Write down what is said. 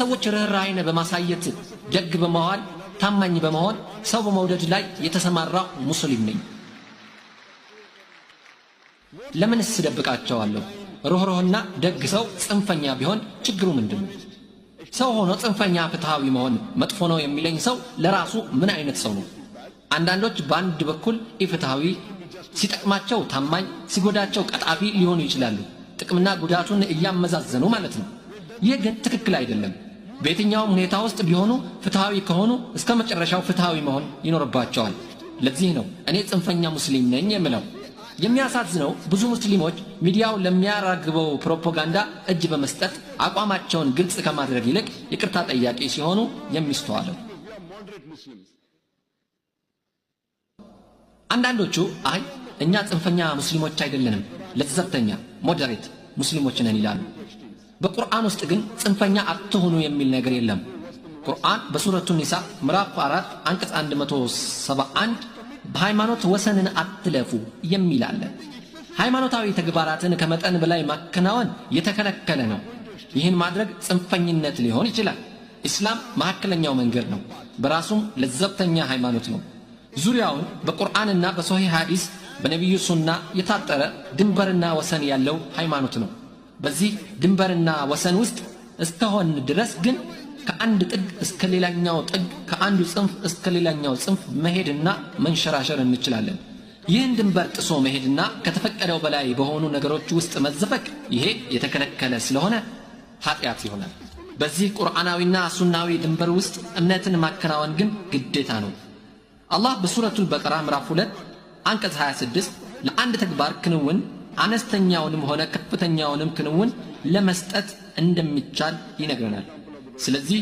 ሰዎች ርኅራኄን በማሳየት ደግ በመዋል ታማኝ በመሆን ሰው በመውደድ ላይ የተሰማራሁ ሙስሊም ነኝ። ለምንስ እደብቃቸዋለሁ? ሩኅሩህና ደግ ሰው ጽንፈኛ ቢሆን ችግሩ ምንድን ነው? ሰው ሆኖ ጽንፈኛ ፍትሃዊ መሆን መጥፎ ነው የሚለኝ ሰው ለራሱ ምን አይነት ሰው ነው? አንዳንዶች በአንድ በኩል ኢፍትሐዊ፣ ሲጠቅማቸው ታማኝ፣ ሲጎዳቸው ቀጣፊ ሊሆኑ ይችላሉ። ጥቅምና ጉዳቱን እያመዛዘኑ ማለት ነው። ይህ ግን ትክክል አይደለም። በየትኛውም ሁኔታ ውስጥ ቢሆኑ ፍትሐዊ ከሆኑ እስከ መጨረሻው ፍትሐዊ መሆን ይኖርባቸዋል። ለዚህ ነው እኔ ጽንፈኛ ሙስሊም ነኝ የምለው። የሚያሳዝነው ብዙ ሙስሊሞች ሚዲያው ለሚያራግበው ፕሮፓጋንዳ እጅ በመስጠት አቋማቸውን ግልጽ ከማድረግ ይልቅ ይቅርታ ጠያቂ ሲሆኑ የሚስተዋለው። አንዳንዶቹ አይ እኛ ጽንፈኛ ሙስሊሞች አይደለንም፣ ለዘብተኛ ሞዴሬት ሙስሊሞች ነን ይላሉ። በቁርአን ውስጥ ግን ጽንፈኛ አትሆኑ የሚል ነገር የለም። ቁርአን በሱረቱ ኒሳ ምዕራፍ 4 አንቀጽ 171 በሃይማኖት ወሰንን አትለፉ የሚል አለ። ሃይማኖታዊ ተግባራትን ከመጠን በላይ ማከናወን የተከለከለ ነው። ይህን ማድረግ ጽንፈኝነት ሊሆን ይችላል። ኢስላም መካከለኛው መንገድ ነው። በራሱም ለዘብተኛ ሃይማኖት ነው። ዙሪያውን በቁርአንና በሶሒህ ሐዲስ በነቢዩ ሱና የታጠረ ድንበርና ወሰን ያለው ሃይማኖት ነው። በዚህ ድንበርና ወሰን ውስጥ እስከሆን ድረስ ግን ከአንድ ጥግ እስከ ሌላኛው ጥግ ከአንዱ ጽንፍ እስከ ሌላኛው ጽንፍ መሄድና መንሸራሸር እንችላለን። ይህን ድንበር ጥሶ መሄድና ከተፈቀደው በላይ በሆኑ ነገሮች ውስጥ መዘፈቅ ይሄ የተከለከለ ስለሆነ ኃጢአት ይሆናል። በዚህ ቁርአናዊና ሱናዊ ድንበር ውስጥ እምነትን ማከናወን ግን ግዴታ ነው። አላህ በሱረቱል በቀራ ምዕራፍ 2 አንቀጽ 26 ለአንድ ተግባር ክንውን አነስተኛውንም ሆነ ከፍተኛውንም ክንውን ለመስጠት እንደሚቻል ይነግረናል። ስለዚህ